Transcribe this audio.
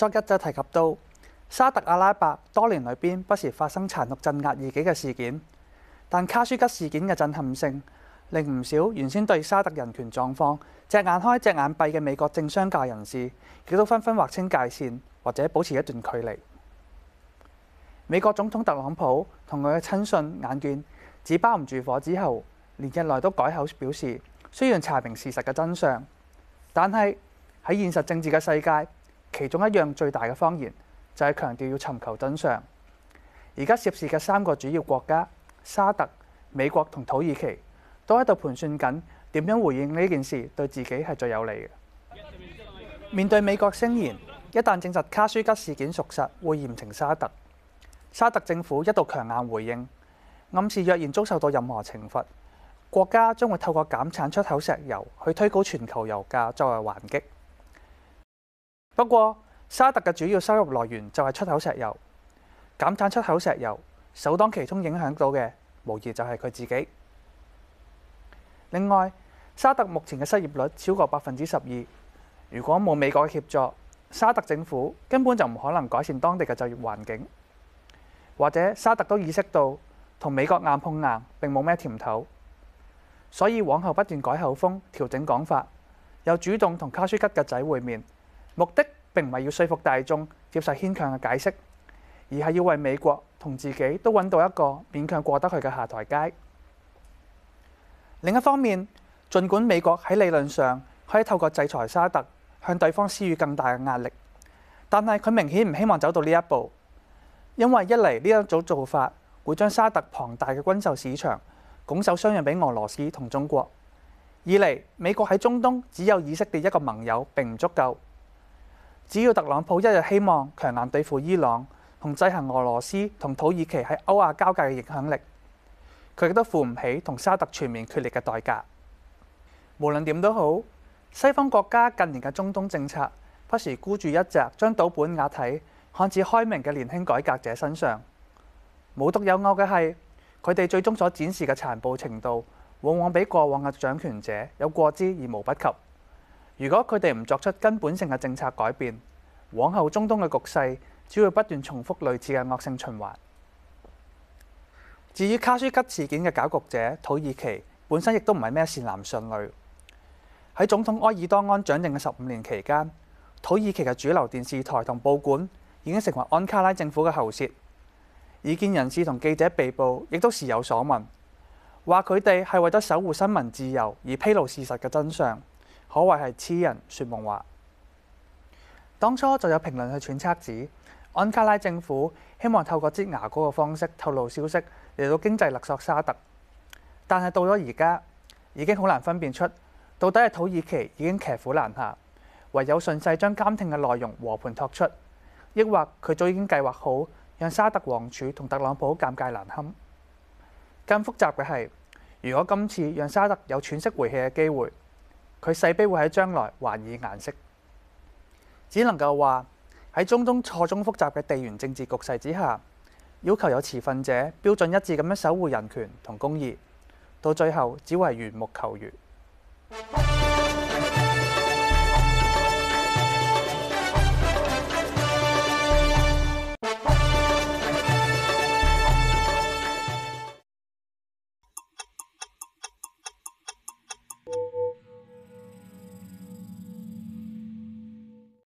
作一則提及到沙特阿拉伯多年裏邊不時發生殘酷鎮壓異己嘅事件，但卡舒吉事件嘅震撼性，令唔少原先對沙特人權狀況隻眼開隻眼閉嘅美國政商界人士，亦都紛紛劃清界線或者保持一段距離。美國總統特朗普同佢嘅親信眼見紙包唔住火之後，連日來都改口表示，需要查明事實嘅真相，但係喺現實政治嘅世界，其中一樣最大嘅謊言就係強調要尋求真相。而家涉事嘅三個主要國家沙特、美國同土耳其都喺度盤算緊點樣回應呢件事對自己係最有利嘅。面對美國聲言一旦證實卡舒吉事件屬實，會嚴懲沙特，沙特政府一度強硬回應，暗示若然遭受到任何懲罰，國家將會透過減產出口石油去推高全球油價作為還擊。不過，沙特嘅主要收入來源就係出口石油，減產出口石油首當其衝影響到嘅，無疑就係佢自己。另外，沙特目前嘅失業率超過百分之十二，如果冇美國嘅協助，沙特政府根本就唔可能改善當地嘅就業環境。或者沙特都意識到同美國硬碰硬並冇咩甜頭，所以往後不斷改口風，調整講法，又主動同卡舒吉嘅仔會面。目的並唔係要説服大眾接受牽強嘅解釋，而係要為美國同自己都揾到一個勉強過得去嘅下台階。另一方面，儘管美國喺理論上可以透過制裁沙特向對方施予更大嘅壓力，但係佢明顯唔希望走到呢一步，因為一嚟呢一組做法會將沙特龐大嘅軍售市場拱手相讓俾俄羅斯同中國；二嚟美國喺中東只有以色列一個盟友並唔足夠。只要特朗普一日希望強硬對付伊朗同制衡俄羅斯同土耳其喺歐亞交界嘅影響力，佢亦都負唔起同沙特全面決裂嘅代價。無論點都好，西方國家近年嘅中東政策不時孤注一擲，將賭本押喺看似開明嘅年輕改革者身上。無獨有偶嘅係，佢哋最終所展示嘅殘暴程度，往往比過往嘅掌權者有過之而無不及。如果佢哋唔作出根本性嘅政策改變，往後中東嘅局勢，只會不斷重複類似嘅惡性循環。至於卡舒吉事件嘅搞局者土耳其，本身亦都唔係咩善男信女。喺總統埃爾多安掌政嘅十五年期間，土耳其嘅主流電視台同報館已經成為安卡拉政府嘅喉舌。異見人士同記者被捕，亦都時有所聞，話佢哋係為咗守護新聞自由而披露事實嘅真相，可謂係痴人說夢話。當初就有評論去揣測指，指安卡拉政府希望透過擠牙膏嘅方式透露消息，嚟到經濟勒索沙特。但係到咗而家已經好難分辨出，到底係土耳其已經騎虎難下，唯有順勢將監聽嘅內容和盤托出，抑或佢早已經計劃好，讓沙特王儲同特朗普尷尬難堪。更複雜嘅係，如果今次讓沙特有喘息回氣嘅機會，佢勢必會喺將來還以顏色。只能夠話，喺中東錯綜複雜嘅地緣政治局勢之下，要求有持份者標準一致咁樣守護人權同公義，到最後只為緣木求魚。